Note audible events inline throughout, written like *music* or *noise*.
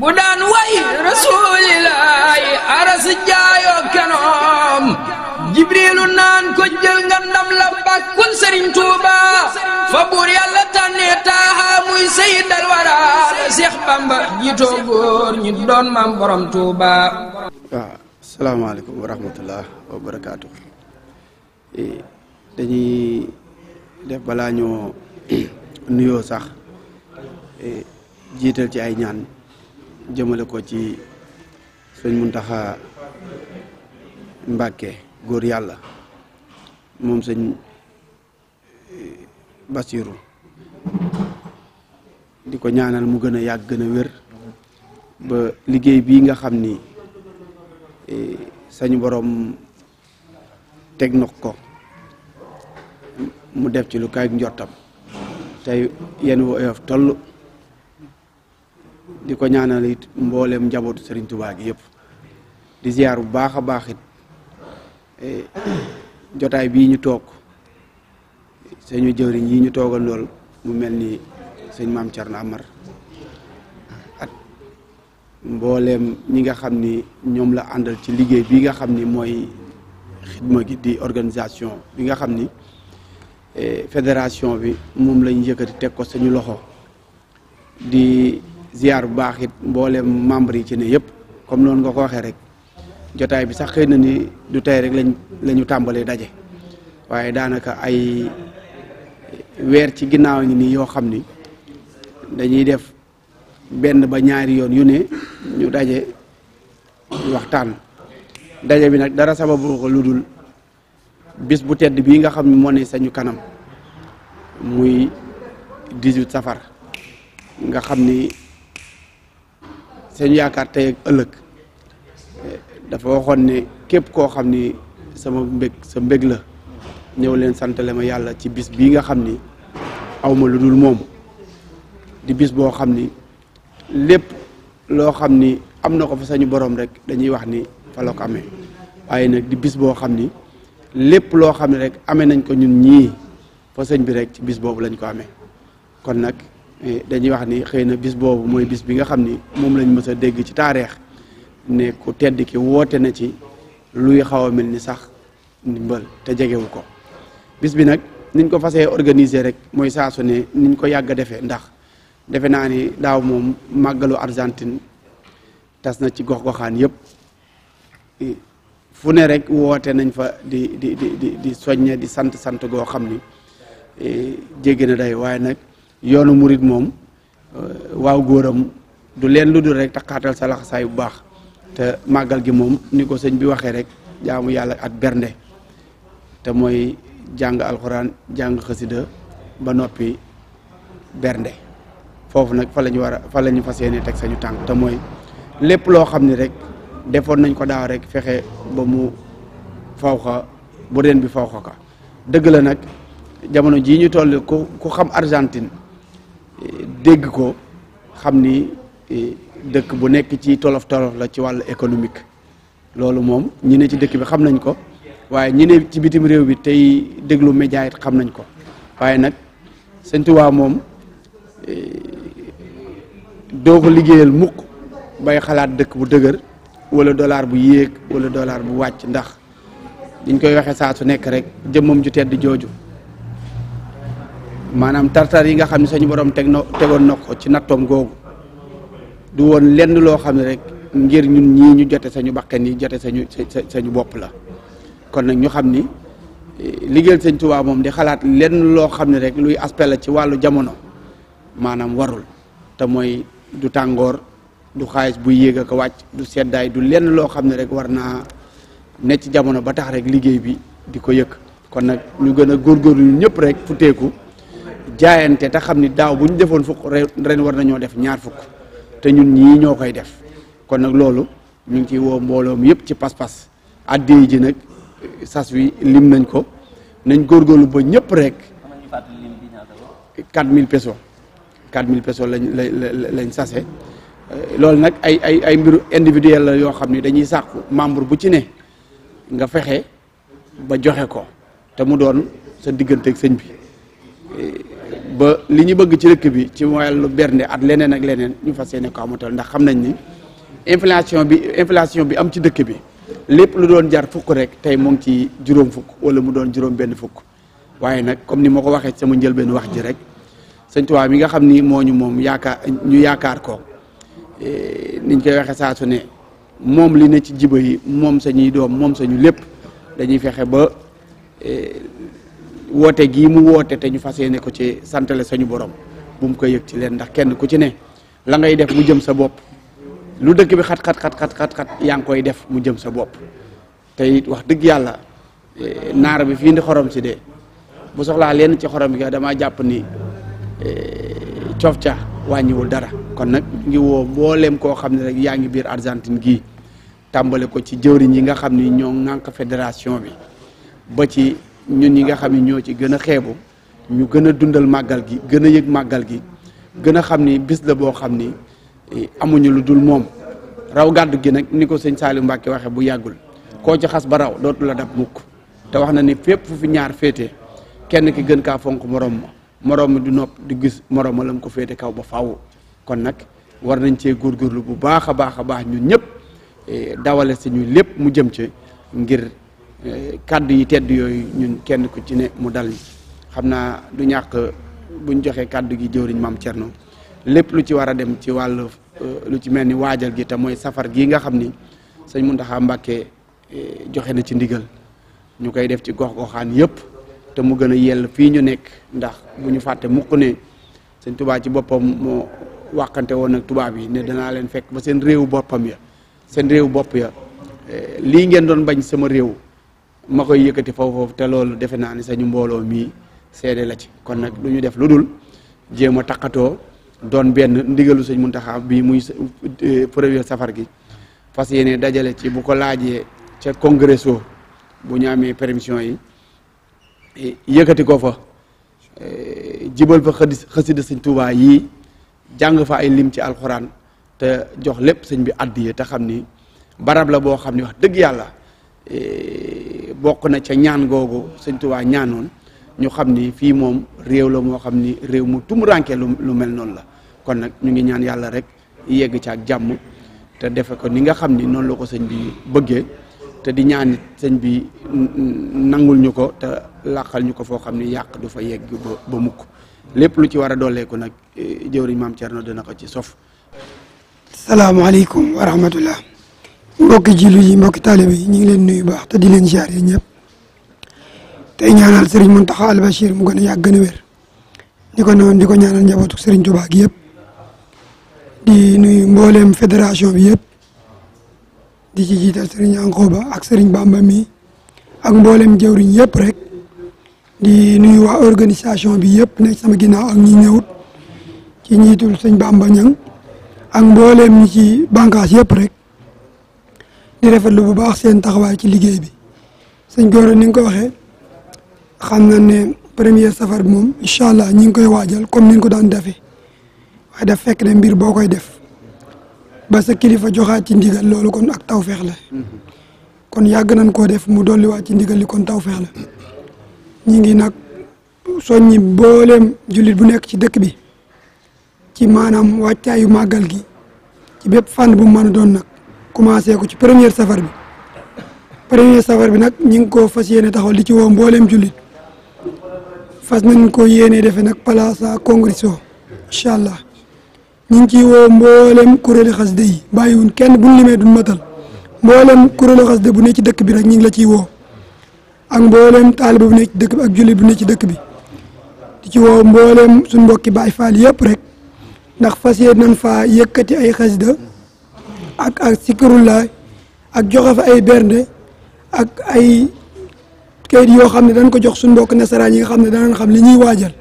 bu daan way rasuulillaahi aras jaayoo kenoom jibriilu naan ko jël nga la bàkkul sëriñ tuuba fa buur yàlla tànnee taaha muy sayyidal wara seex bamba jiitoo góor ñi doon maam tuuba waaw ah, asalaamaaleykum wa wa barakaatu e, dañuy def balaa *clears throat* nuyoo sax e, jiital ci ay ñaan jëmale ko ci sëñ taxa Mbàkke góor yàlla moom sëñ eh, Basiru di ko ñaanal mu gën a yàgg gën a wér ba liggéey bii nga xam ni eh, sañu boroom teg na ko mu def ci lu kaay njortam tey yenn wooyof toll di ko ñaanal it mbooleem njabootu Serigne Touba gi yëpp di ziar bu baax a baax it eh, jotaay bii ñu toog suñu jëriñ yi ñu toogal lool mu mel ni sëñ maam Thierno Amar ak mbooleem ñi nga xam ni ñoom la àndal ci liggéey bii nga xam ni mooy xidma gi di organisation bi nga xam ni eh, fédération bi moom lañ yëkkati teg ko suñu loxo di. ziar bu baax it mboolem membre yi ci ne yëpp comme noonu nga ko waxee rek jotaay bi sax xëy na ni du tey rek lañ la tàmbalee daje waaye daanaka ay weer ci ginnaaw ñi nii yoo xam ni dañuy def benn ba ñaari yoon yu ne ñu daje waxtaan daje bi nag dara sababu ko lu dul bis bu tedd bii nga xam ni moo ne sañu kanam muy 18 safar nga xam ni seen yaakaar tey ak ëllëg dafa waxoon ne képp koo xam ni sama mbég sa mbég la ñëw leen santale ma yàlla ci bis bii nga xam ni awma lu dul moom di bis boo xam ni lépp loo xam ni am na ko fa sañu borom rek dañuy wax ni fa ko amee waaye nag di boo xam ni lépp loo xam ne rek amee nañ ko ñun ñii fa sëñ bi rek ci bis boobu lañ ko amee kon nag Eh, dañuy wax ni xëy na bis boobu mooy bis bi nga xam ni moom lañ mës a dégg ci taarix ne ku tedd ki woote na ci luy xaw a mel ni sax ndimbal te jegewu ko bis bi nag niñ ko fasee organiser rek mooy saasu ne niñ ko yàgg a defee ndax defe naa ni daaw moom màggalu Argentine tas na ci gox-goxaan yëpp fu ne rek woote nañ fa di di di di soññe di sant sant goo xam ni eh, jéggi na day waaye nag yoonu murit moom euh, waaw góoram du leen lu dul rek taxaatal sa laxasaay bu baax te màggal gi moom ni ko sëñ bi waxee rek jaamu yàlla at bernde te mooy jàng alxuraan jàng xasida ba noppi bernde foofu nag fa lañu ñu fa la ñu fas yéene teg sañu tànk te mooy lépp loo xam ne rek defoon nañ ko daaw rekk fexe ba mu faw xa bu reen bi faw xa ka dëgg la nag jamono jii ñu toll ku ku xam Argentine dégg ko xam ni e, dëkk bu nekk ci tolof tolof la ci wàllu économique loolu moom ñi ne ci dëkk bi xam nañ ko waaye ñi ne ci bitim réew bi tey déglu média it xam nañ ko waaye nag Sëñ Tuubaa moom e, doo ko liggéeyal mukk bay xalaat dëkk bu dëgër wala dollar bu yéeg wala dollar bu wàcc ndax diñ koy waxe saa su nekk rek jëmmam ju tedd jooju maanaam tartar yi nga xam ne sañu borom teg no tegoon na ko ci nattoom googu du woon lenn loo xam ne rek ngir ñun ñii ñu jote sañu bakkan yi jote sañu sañu bopp la kon nag ñu xam ni eh, liggéeyal sëñ Tuubaa moom di xalaat lenn loo xam ne rek luy aspect la ci wàllu jamono maanaam warul te mooy du tàngoor du xaalis buy yéeg ak wàcc du seddaay du lenn loo xam ne rek war naa ne ci jamono ba tax rek liggéey bi di ko yëkk kon nag ñu gën a góorgóorlu ñëpp rek futteeku jaayante te xam ni daaw bu ñu defoon fukk ren war nañoo def ñaar fukk te ñun ñii ñoo koy def kon nag loolu ñu ngi ciy woo mbooloom yëpp ci pas-pas addee ji nag sas wi lim nañ ko nañ góor góorgóorlu ba ñëpp rek. 4000 pesos 4000 pesos lañ lañ lañ sase euh, loolu nag ay ay ay mbiru individuel la yoo xam ni dañuy sàkku membre bu ci ne nga fexe ba joxe ko te mu doon sa digganteeg sëñ bi. Euh, ba li ñu bëgg ci dëkk bi ci wàllu bernde at leneen ak leneen ñu fas yéene ko amatal ndax xam nañ ni inflation bi inflation bi am ci dëkk bi lépp lu doon jar fukk rek tey moom ci juróom fukk wala mu doon juróom benn fukk waaye nag comme ni ma ko waxee sama benn wax ji rek sëñ Tuubaa nga xam ni moo ñu moom yaakaar ñu yaakaar ko eh, niñ koy waxee saa su ne moom li ne ci jiba yi moom sañuy doom moom sañu lépp dañuy fexe ba eh, woote gii mu woote te ñu fas ne ko ci santale sañu borom bu mu koy yëg ci leen ndax kenn ku ci ne la ngay def mu jëm sa bopp lu dëkk bi xat xat xat xat xat xat yaa ngi koy def mu jëm sa bopp tey wax dëgg yàlla eh, naar bi fii ndi xorom si de bu soxlaa leen ci xorom gi damaa jàpp ni eh, coof ca wàññiwul dara kon nag ngi woo mbooleem koo xam ne rek yaa ngi biir Argentine gii tàmbale ko ci jëwriñ yi nga xam ni ñoo ŋànk fédération bi ba ci ñun ñi nga xam ne ñoo ci gën a xeebu ñu gën a dundal màggal gi gën a yëg màggal gi gën a xam ni bis la boo xam ni eh, amuñu lu dul moom raw gàddu gi nag ni ko sëñ Saliou Mbacke waxee bu yàggul koo ci xas ba raw dootu la dab mukk te wax na ni fépp fu fi ñaar féete kenn ki gën kaa fonk moroom ma moroom ma du nopp du gis moroom ma la mu ko féete kaw ba faaw kon nag war nañ cee góorlu bu baax a baax a baax ñun ñëpp eh, dawale si lépp mu jëm ci ngir Eh, kàddu yi tedd yooyu ñun kenn ku ci ne mu dal xam naa du ñàkk buñ joxee kàddu gi jëwriñ maam Thierno lépp lu ci war a dem ci wàllu eh, lu ci mel ni waajal gi te mooy safar gii nga xam ni sëñ Mountakha Mbacké eh, joxe na ci ndigal ñu koy def ci gox-goxaan yëpp te mu gën a yell fii ñu nekk ndax bu ñu fàtte mukk ne sëñ Touba ci boppam moo wàqante woon ak tubaab yi ne dinaa leen fekk ba seen réew boppam ya seen réew bopp ya lii ngeen doon bañ sama réew ma koy yëkkati foofu foofu te loolu defe naa ni sañu mbooloo mii seede la ci kon nag lu ñu def lu dul jéem a taqatoo doon benn ndigalu sëñ Muntaxa bi muy euh, premier safar gi fas yéene dajale ci bu ko laajee ca congresso bu ñu amee permission yi eh, yëkkati ko fa eh, jibal fa xëdi xësida sëñ Tuubaa yii jàng fa ay lim ci alxuraan te jox lépp sëñ bi àddiya te xam ni barab la boo xam ni wax dëgg yàlla Eh, bokk na ca ñaan googu sëñ waa ñaanoon ñu xam ni fii moom réew la moo xam ni réew mu tumuranke lu mel noonu la kon nag ñu ngi ñaan yàlla rek yegg ci ak jàmm te defe ko ni nga xam ni noonu la ko sëñ bi bëggee te di ñaan sëñ bi nangul ñu ko te làqal ñu ko foo xam ni yàq du fa yegg ba mukk lépp lu ci war a dooleeku nag eh, jëwriñ maam Thierno dina ko ci sof salaamaaleykum wa rahmatullah mbokki jullit yi mbokki taalibe yi ñu ngi leen nuyu baax te di leen ziar yi ñëpp tey ñaanal Serigne Mountakha Al Bachir mu gën a yàgg gën di ko noonu di ko ñaanal njabootu Serigne Touba gi yëpp di nuyu mbooleem fédération bi yëpp di ci jiital Serigne Ankoba ak Serigne Bamba mi ak mbooleem jëwriñ yëpp rek di nuyu wa organisation bi yëpp nekk sama ginnaaw ak ñi ñëwut ci njiitul sëñ Bamba Ñang ak mbooleem ñi ci bànqaas yëpp rek. di rafetlu bu baax seen taxawaay ci liggéey bi sëñ Gora ni nga ko waxee xam na ne premier safar bi moom incha allah ñi ngi koy waajal comme niñ ko daan defee waaye daf fekk ne mbir boo koy def ba sa kilifa joxaat ci ndigal loolu kon ak tawfeex la kon yàgg nañ koo def mu dolliwaat ci ndigal li kon tawfeex la ñi ngi nag soññi boole jullit bu nekk ci dëkk bi ci maanaam wàccaayu màggal gi ci bépp fànn bu mu doon nag commencé ko ci première safar bi première safar bi nag ñu ngi koo fas yéene taxaw li ci woo mbooleem jullit fas nañ ko yéene defe nag place à congression incha allah ñu ngi ciy woo mbooleem kuréelu xasida yi bàyyiwuñ kenn buñ limee du matal mbooleem kuréelu xasida bu ne ci dëkk bi rek ñu ngi la ciy woo ak mbooleem taaliba bu ne ci dëkk bi ak jullit bu ne ci dëkk bi di ci woo mbooleem suñ mbokki Baay Faal yëpp rek ndax fas yéene nañ faa yëkkati ay xasida ak ak sikkarullah ak joxe fa ay bernde ak ay kayit yoo xam ne dañ ko jox suñ mbokk nasaraan yi nga xam ne danañ xam li ñuy waajal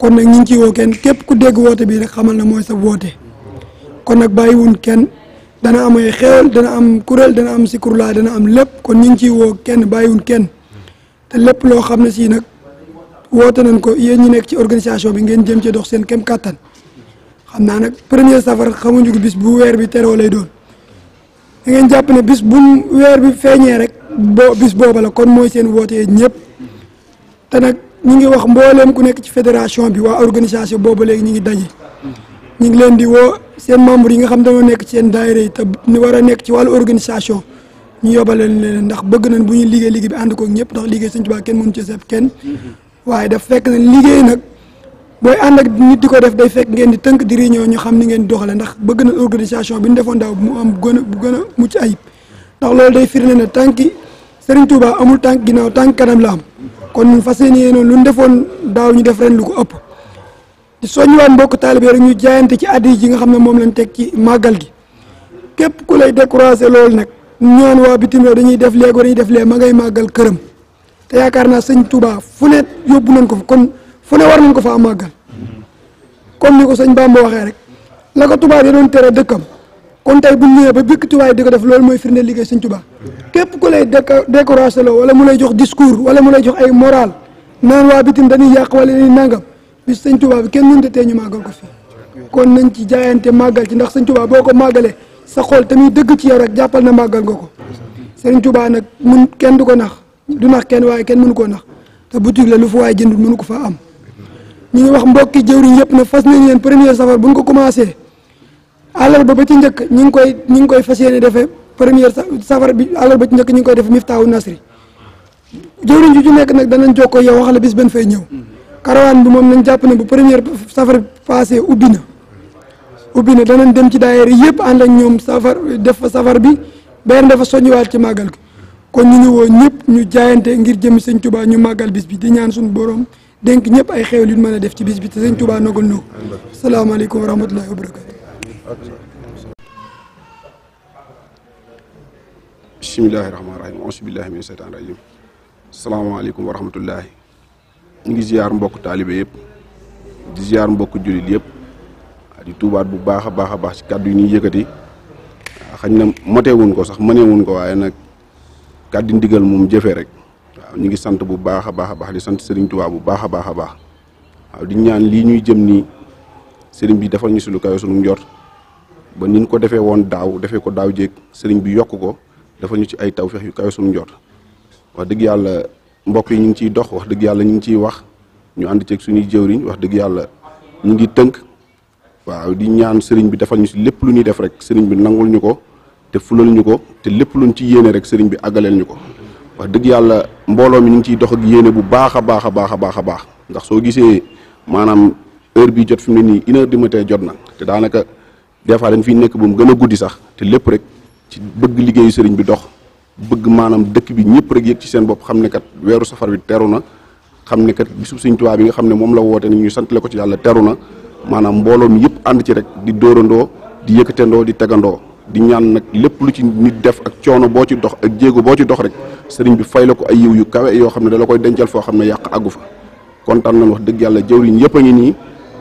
kon nag ñu ngi ciy woo kenn képp ku dégg woote bi rek xamal na mooy sa woote kon nag bàyyiwun kenn dana am ay xéewal dana am kuréel dana am sikurlaa dana am lépp kon ñu ngi ciy woo kenn bàyyiwun kenn te lépp loo xam ne sii nag woote nan ko yéen ñi nekk ci organisation bi ngeen jëm ci dox seen kem kattan xam naa nag premier safar xamuñu ko bis bu weer bi teroo lay doon da ngeen jàpp ne bis bu weer bi feeñee rek boo bis booba la kon mooy seen woote ñëpp te nag ñu ngi wax mbooleem ku nekk ci fédération bi waa organisation boobu léegi ñu ngi daje ñu ngi di woo seen membre yi nga xam dañoo nekk ci seen daayira yi te ñu war a nekk ci wàllu organisation ñu yóbbale leen ndax bëgg nañ bu ñu liggéey liggéey bi ànd koog ñëpp ndax liggéey Sëñ Tuubaa kenn mënu ci seet kenn mm-hmm. waaye daf fekk na liggéey nag booy ànd ak nit di ko def day fekk ngeen di tënk di réunion ñu xam ni ngeen di doxale ndax bëgg na organisation bi ñu defoon daaw mu am gën a bu gën a mucc ayib ndax loolu day firnde ne tànki Serigne Touba amul tànk ginnaaw tànk kanam la am kon ñun fas yéene noonu lu ñu defoon daaw ñu def ren lu ko ëpp di soññiwaat mbokk taalibe rek ñu jaayante ci addi ji nga xam ne moom lañ teg ci màggal gi képp ku lay découragé loolu nag ñoon waa bitim réew dañuy def léegi dañuy def léegi ma ngay màggal këram te yaakaar naa sëñ Touba fu yóbbu nañ ko kon fu ne war nañ ko faa màggal comme ni ko sëñ Bamba waxee rek la ko tubaab yi doon tere dëkkam kon tey bu ñëwee ba bikk tubaab yi di ko def loolu mooy firnde liggéey sëñ Tuubaa képp ku lay découragé loo wala mu lay jox discours wala mu lay jox ay moral naan waa bitim dañuy yàq wala dañuy nangam bis sëñ Tuubaa kenn mënut a tee ñu màggal ko fii kon nañ ci jaayante màggal ci ndax sëñ Tuubaa boo ko màggalee sa xol tamit dëgg ci yow rek jàppal na màggal nga ko sëñ Tuubaa nag mun kenn du ko nax du nax kenn waaye kenn mënu koo nax te boutique la lu fa waaye jëndul mënu ko faa am ñu ngi wax mbokki jëwriñ yëpp na fas nañ leen première safar bu ñu ko commencé àllarba ba ci njëkk ñu ngi koy ñi ngi koy fas yéene defee première safar bi àllarba ci njëkk ñi ngi koy def miftaawu nasri jëwriñ ju ci nekk nag danañ jokkoo yow wax la bis benn fay ñëw karawaan bi moom nañ jàpp ne bu première safar passé ubbi na ubbi na danañ dem ci daayira yëpp ànd ñoom safar def fa safar bi benn dafa soññiwaat ci màggal gi kon ñu ngi woo ñëpp ñu jaayante ngir jëm sëñ Tuubaa ñu màggal bis bi di ñaan suñu borom dénk ñëpp ay xéewal yu mën a def ci bis bi te sëñ Tuubaa nogul nu salaamaaleykum wa rahmatullahi wa salaamaaleykum wa rahmatullahi ngi ziyaar mbokk taalibe yëpp di ziyaar mbokk jullit yëpp di tuubaat bu baax a baax a baax ci kàddu yi ñuy yëkkati xañ na motewuñ ko sax mënewuñ ko waaye nag kàddu ndigal moom jëfe rek waaw ñu ngi sant bu baax a baax a baax sant Serigne Touba bu baax a baax a waaw di ñaan lii ñuy jëm nii sëriñ bi defal ñu si lu kawe sunu njort ba ni ko defee woon daaw defee ko daaw jéeg Serigne bi yokk ko dafa ñu ci ay tawfeex yu kawe sunu njort wax dëgg yàlla mbokk yi ñu ngi ciy dox wax dëgg yàlla ñu ngi ciy wax ñu ànd ceeg suñuy jëwriñ wax dëgg yàlla ñu ngi tënk waaw di ñaan sëriñ bi defal ñu si lépp lu ñuy def rek sëriñ bi nangul ñu ko te fulal ñu ko te lépp lu luñ ci yéene rek Serigne bi àggaleel ñu ko. wax dëgg yàlla mbooloo mi ñu ngi ciy dox ak yéene bu baax a baax a baax a baax a baax ndax soo gisee maanaam heure bi jot fi mu ne nii une heure jot na te daanaka des fois dañ fiy nekk bu mu gën a guddi sax te lépp rek ci bëgg liggéeyu sëriñ bi dox bëgg maanaam dëkk bi ñëpp rek yëg ci seen bopp xam ne kat weeru safar bi teru na xam ne kat bisub sëriñ Tuubaa bi nga xam ne moom la woote ni ñu santale ko ci yàlla teru na maanaam mbooloo mi yëpp ànd ci rek di dóorandoo di yëkkatandoo di tegandoo di ñaan nag lépp lu ci def ak coono boo ci dox ak jéego boo ci dox rek sëriñ bi fay la ko ay yiw yu kawe yoo xam ne dala koy dencal foo xam ne yàq agu fa kontaan nañ wax dëgg yàlla jëw jëwriñ yëpp a ngi nii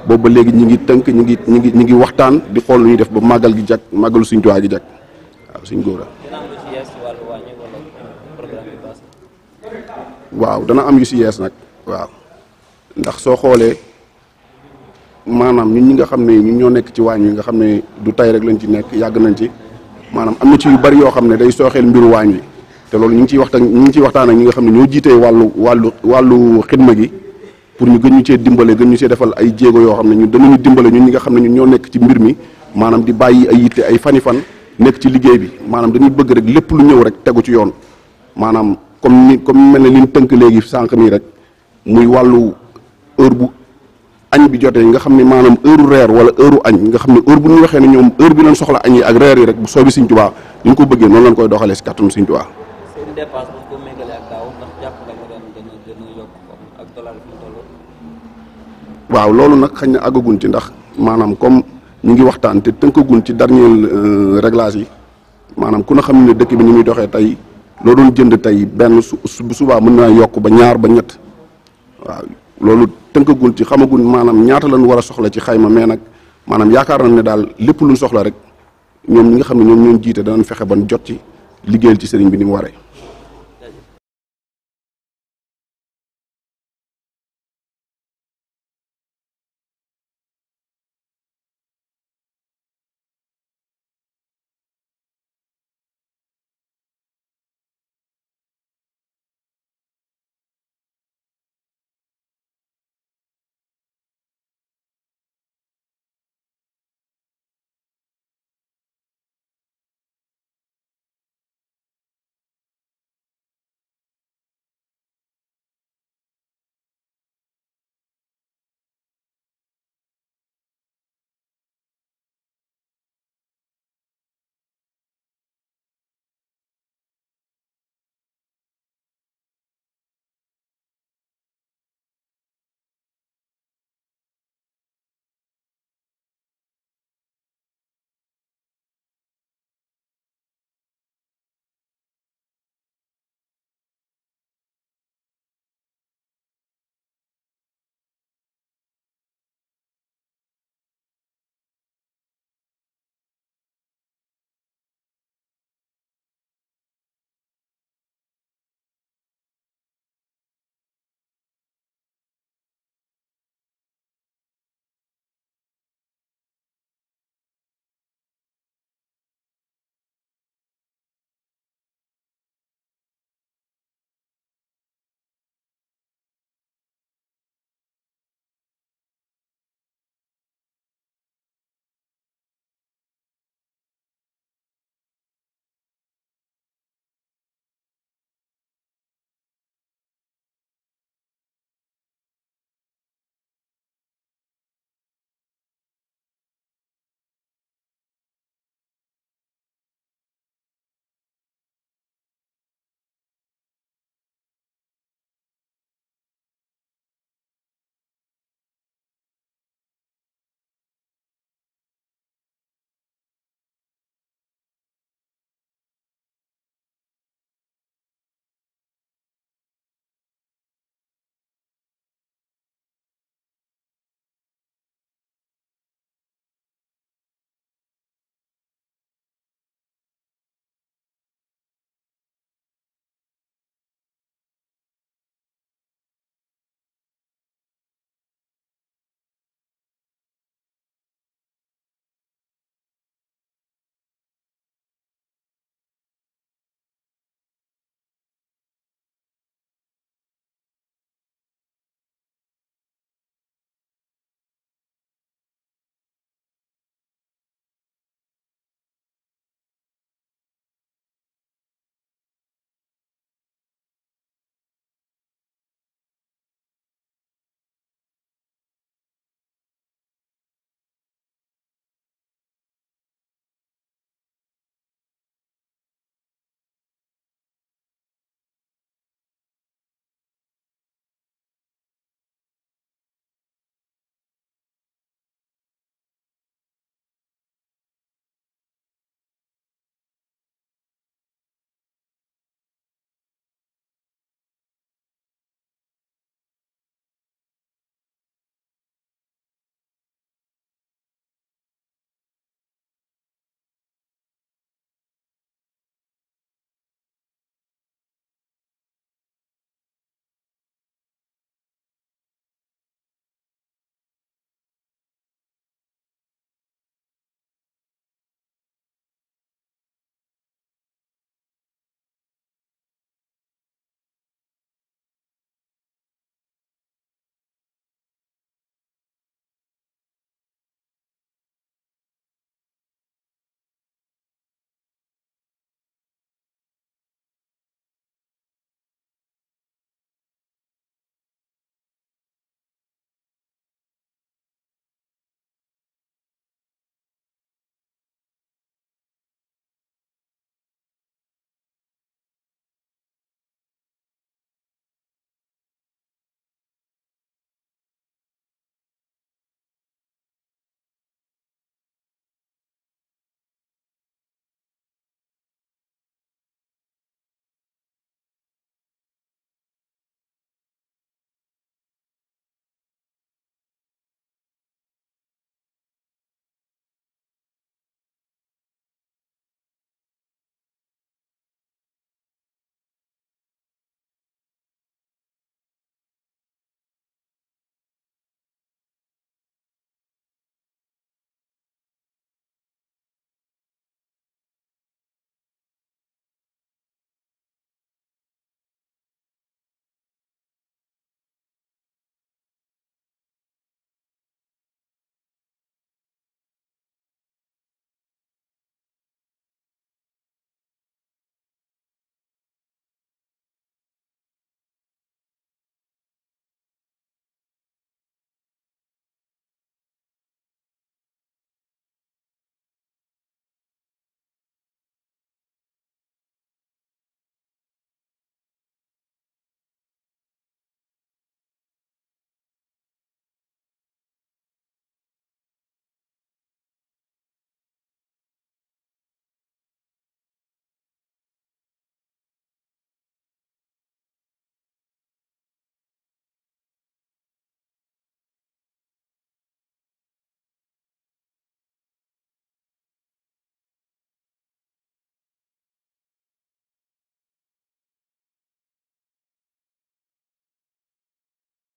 boobu ba léegi ñu ngi tënk ñu ngi ñu ngi ñu ngi waxtaan di xool lu ñuy def ba màggal gi jag màggalu suñ tuwaa gi jag waaw waaw dana am yu si yees nag waaw ndax soo xoolee maanaam ñun ñi nga xam ne ñu ñoo nekk ci waañ wi nga xam ne du tay rek lañ ci nekk yàgg nañ ci maanaam am na ci yu bari yoo xam ne day sooxeel mbiru waañ wi te loolu ñu ngi ciy waxtaan ñu ngi ciy waxtaan ak ñi nga xam ne ñoo jiitee wàllu wàllu wàllu xidma gi pour ñu gën ñu cee dimbale gën ñu cee defal ay jéego yoo xam ne ñun danañu dimbale ñun ñi nga xam ne ñu ñoo nekk ci mbir mi maanaam di bàyyi ay yitte ay fan nekk ci liggéey bi maanaam dañuy bëgg rek lépp lu ñëw rek tegu ci yoon maanaam comme ni comme mel ne li ñu tënk léegi sànq nii rek muy wàllu heure bu añ bi jotee nga xam ne maanaam heure reer wala heure añ nga xam ne heure bu ñu waxee ne ñoom heure bi lañ soxla añ yi ak reer yi rek bu soobi Sëñ Tuubaa ñu ko bëggee noonu lañ koy doxalee si kàttanu Sëñ waaw loolu nag xañ na àggagun ci ndax maanaam comme ñu ngi waxtaan te tënkagun ci dernier euh, réglage yi maanaam ku na xam ne dëkk bi ni muy doxee tey loolu doon jënd tey benn su subaa mën naa yokk ba ñaar ba ñett waaw loolu tënkagun ci xamagun maanaam ñaata lañ war a soxla ci xayma mais nag maanaam yaakaar nañ ne daal lépp luñ soxla rek ñoom ñi nga xam ne ñoom ñoo jiite danañ fexe ban jot ci liggéeyal ci sëriñ bi ni mu waree.